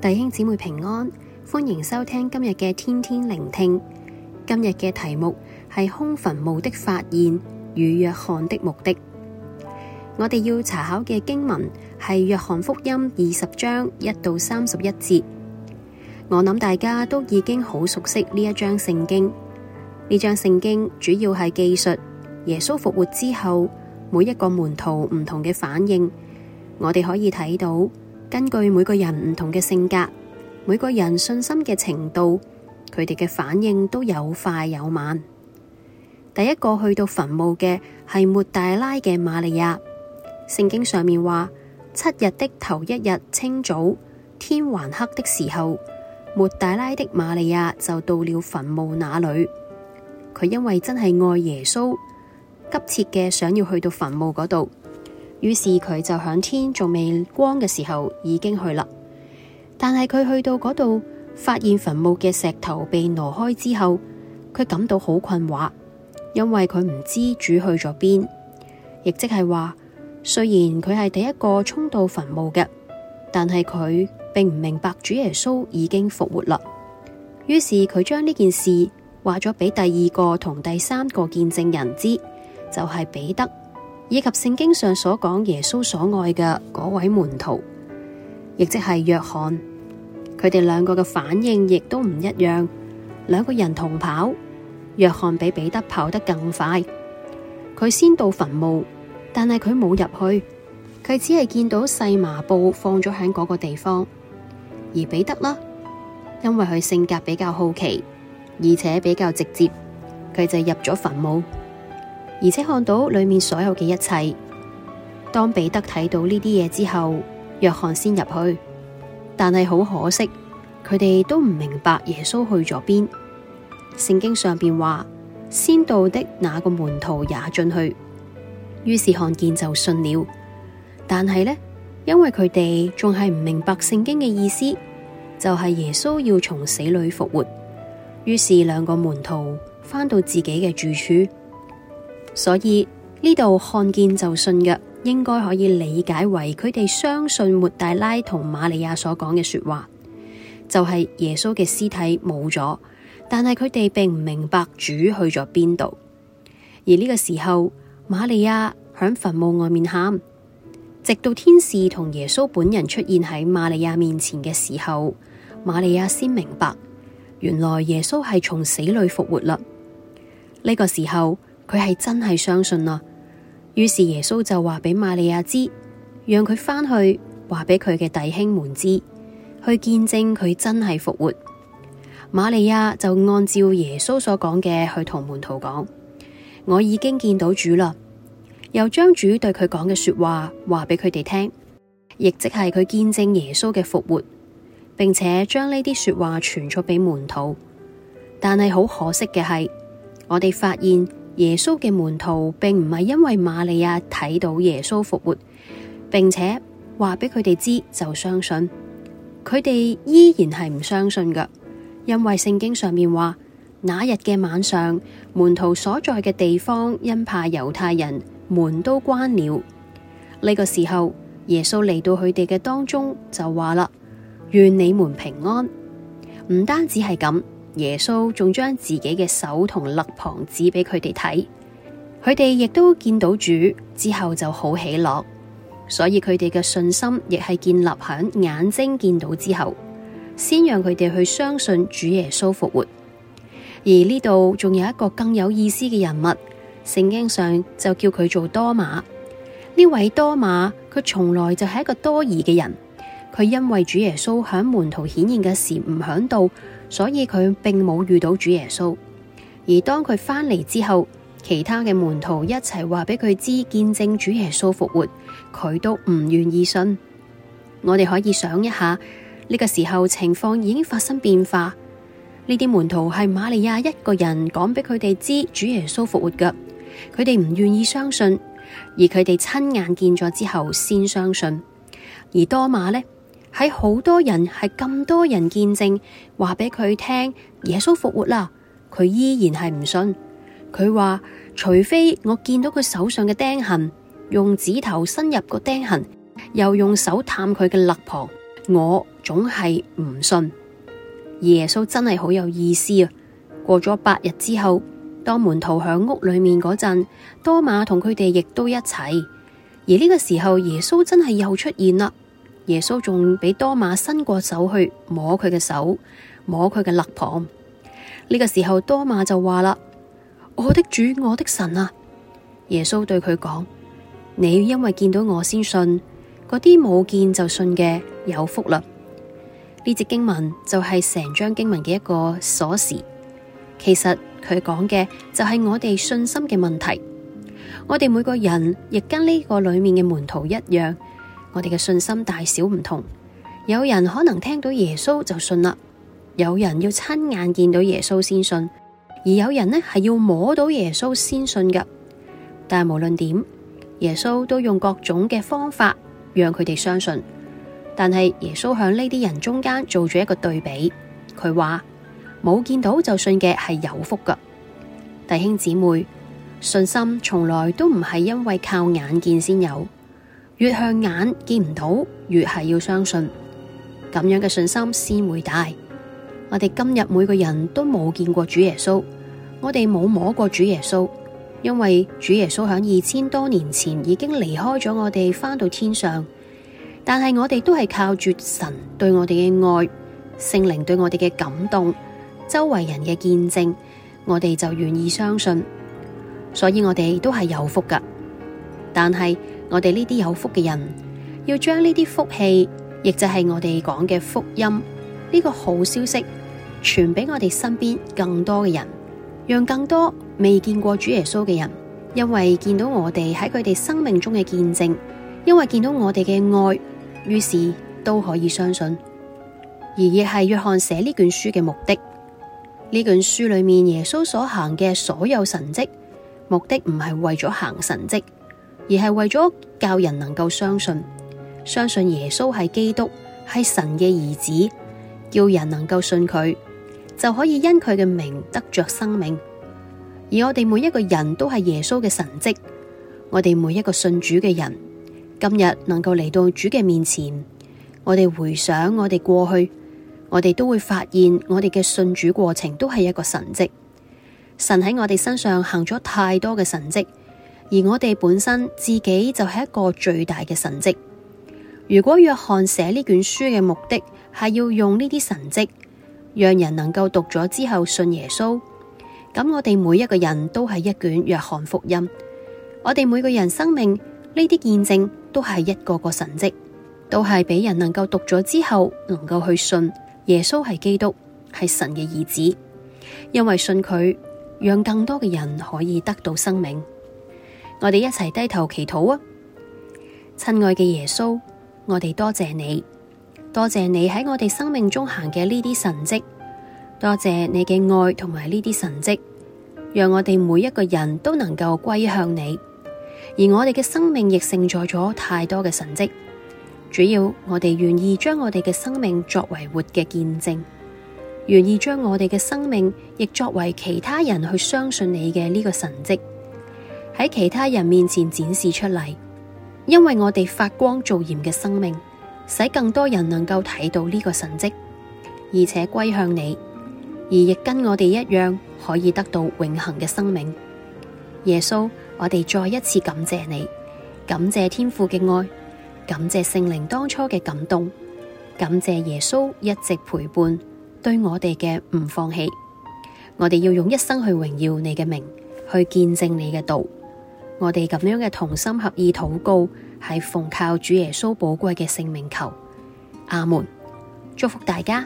弟兄姊妹平安，歡迎收聽今日嘅天天靈聽。今日嘅題目係空墳墓的發現與約翰的目的。我哋要查考嘅經文係約翰福音二十章一到三十一節。我諗大家都已經好熟悉呢一章聖經。呢章聖經主要係記述耶穌復活之後每一個門徒唔同嘅反應。我哋可以睇到，根據每個人唔同嘅性格，每個人信心嘅程度，佢哋嘅反應都有快有慢。第一個去到墳墓嘅係抹大拉嘅瑪利亞。聖經上面話：七日的頭一日清早，天還黑的時候，抹大拉的瑪利亞就到了墳墓那裏。佢因為真係愛耶穌，急切嘅想要去到墳墓嗰度。於是佢就響天仲未光嘅時候已經去啦，但係佢去到嗰度，發現墳墓嘅石頭被挪開之後，佢感到好困惑，因為佢唔知主去咗邊，亦即係話雖然佢係第一個衝到墳墓嘅，但係佢並唔明白主耶穌已經復活啦。於是佢將呢件事話咗俾第二個同第三個見證人知，就係彼得，以及聖經上所講耶穌所愛嘅嗰位門徒，亦即係約翰，佢哋兩個嘅反應亦都唔一樣。兩個人同跑，約翰比彼得跑得更快，佢先到墳墓，但係佢冇入去，佢只係見到細麻布放咗喺嗰個地方。而彼得啦，因為佢性格比較好奇，而且比較直接，佢就入咗墳墓。而且看到裏面所有嘅一切，當彼得睇到呢啲嘢之後，約翰先入去。但係好可惜，佢哋都唔明白耶穌去咗邊。聖經上邊話，先到的那個門徒也進去，於是看見就信了。但係呢，因為佢哋仲係唔明白聖經嘅意思，就係、是、耶穌要從死裏復活。於是兩個門徒返到自己嘅住處。所以呢度看見就信嘅，應該可以理解為佢哋相信抹大拉同瑪利亞所講嘅說話，就係、是、耶穌嘅屍體冇咗，但係佢哋並唔明白主去咗邊度。而呢個時候，瑪利亞響墳墓外面喊，直到天使同耶穌本人出現喺瑪利亞面前嘅時候，瑪利亞先明白原來耶穌係從死裏復活啦。呢、這個時候。佢係真係相信啦，於是耶穌就話畀瑪利亞知，讓佢返去話畀佢嘅弟兄們知，去見證佢真係復活。瑪利亞就按照耶穌所講嘅去同門徒講，我已經見到主啦，又將主對佢講嘅說話話畀佢哋聽，亦即係佢見證耶穌嘅復活，並且將呢啲說話傳咗畀門徒。但係好可惜嘅係，我哋發現。耶穌嘅門徒並唔係因為瑪利亞睇到耶穌復活，並且話俾佢哋知就相信，佢哋依然係唔相信嘅，因為聖經上面話，那日嘅晚上，門徒所在嘅地方因怕猶太人，門都關了。呢個時候，耶穌嚟到佢哋嘅當中就話啦：願你們平安。唔單止係咁。耶穌仲將自己嘅手同肋旁指俾佢哋睇，佢哋亦都見到主之後就好喜樂，所以佢哋嘅信心亦係建立喺眼睛見到之後，先讓佢哋去相信主耶穌復活。而呢度仲有一個更有意思嘅人物，聖經上就叫佢做多馬。呢位多馬，佢從來就係一個多疑嘅人，佢因為主耶穌響門徒顯現嘅時唔響度。所以佢並冇遇到主耶穌，而當佢返嚟之後，其他嘅門徒一齊話畀佢知見證主耶穌復活，佢都唔願意信。我哋可以想一下，呢個時候情況已經發生變化，呢啲門徒係瑪利亞一個人講畀佢哋知主耶穌復活㗎，佢哋唔願意相信，而佢哋親眼見咗之後先相信。而多馬呢？喺好多人，係咁多人見證，話畀佢聽耶穌復活啦，佢依然係唔信。佢話，除非我見到佢手上嘅釘痕，用指頭伸入個釘痕，又用手探佢嘅肋旁，我總係唔信。耶穌真係好有意思啊！過咗八日之後，當門徒響屋裏面嗰陣，多馬同佢哋亦都一齊，而呢個時候耶穌真係又出現啦。耶穌仲俾多馬伸過手去摸佢嘅手，摸佢嘅肋旁。呢、這個時候，多馬就話啦：「我的主，我的神啊！」耶穌對佢講：「你要因為見到我先信，嗰啲冇見就信嘅有福啦。」呢隻、這個、經文就係成章經文嘅一個鎖匙。其實佢講嘅就係我哋信心嘅問題。我哋每個人亦跟呢個裏面嘅門徒一樣。我哋嘅信心大小唔同，有人可能聽到耶穌就信啦，有人要親眼見到耶穌先信，而有人呢係要摸到耶穌先信㗎。但係無論點，耶穌都用各種嘅方法讓佢哋相信。但係耶穌向呢啲人中間做咗一個對比，佢話冇見到就信嘅係有福㗎。弟兄姊妹，信心從來都唔係因為靠眼見先有。越向眼見唔到，越係要相信。咁樣嘅信心先會大。我哋今日每個人都冇見過主耶穌，我哋冇摸過主耶穌，因為主耶穌響二千多年前已經離開咗我哋，翻到天上。但係我哋都係靠住神對我哋嘅愛、聖靈對我哋嘅感動、周圍人嘅見證，我哋就願意相信。所以我哋都係有福噶。但係。我哋呢啲有福嘅人，要將呢啲福氣，亦就係我哋講嘅福音呢個好消息，傳畀我哋身邊更多嘅人，讓更多未見過主耶穌嘅人，因為見到我哋喺佢哋生命中嘅見證，因為見到我哋嘅愛，於是都可以相信，而亦係約翰寫呢卷書嘅目的。呢卷書裏面耶穌所行嘅所有神蹟，目的唔係為咗行神蹟。而係為咗教人能夠相信，相信耶穌係基督，係神嘅兒子，叫人能夠信佢，就可以因佢嘅名得着生命。而我哋每一個人都係耶穌嘅神蹟，我哋每一個信主嘅人，今日能夠嚟到主嘅面前，我哋回想我哋過去，我哋都會發現我哋嘅信主過程都係一個神蹟。神喺我哋身上行咗太多嘅神蹟。而我哋本身自己就係一個最大嘅神蹟。如果約翰寫呢卷書嘅目的，係要用呢啲神蹟，讓人能夠讀咗之後信耶穌，咁我哋每一個人都係一卷約翰福音。我哋每個人生命呢啲見證都係一個個神蹟，都係俾人能夠讀咗之後，能夠去信耶穌係基督係神嘅兒子。因為信佢，讓更多嘅人可以得到生命。我哋一齊低頭祈禱啊！親愛嘅耶穌，我哋多謝你，多謝你喺我哋生命中行嘅呢啲神蹟，多謝你嘅愛同埋呢啲神蹟，讓我哋每一個人都能夠歸向你。而我哋嘅生命亦承載咗太多嘅神蹟，主要我哋願意將我哋嘅生命作為活嘅見證，願意將我哋嘅生命亦作為其他人去相信你嘅呢個神蹟。喺其他人面前展示出嚟，因為我哋發光造鹽嘅生命，使更多人能夠睇到呢個神蹟，而且歸向你，而亦跟我哋一樣可以得到永恆嘅生命。耶穌，我哋再一次感謝你，感謝天父嘅愛，感謝聖靈當初嘅感動，感謝耶穌一直陪伴對我哋嘅唔放棄。我哋要用一生去榮耀你嘅名，去見證你嘅道。我哋咁樣嘅同心合意禱告，係奉靠主耶穌寶貴嘅聖名求。阿門，祝福大家。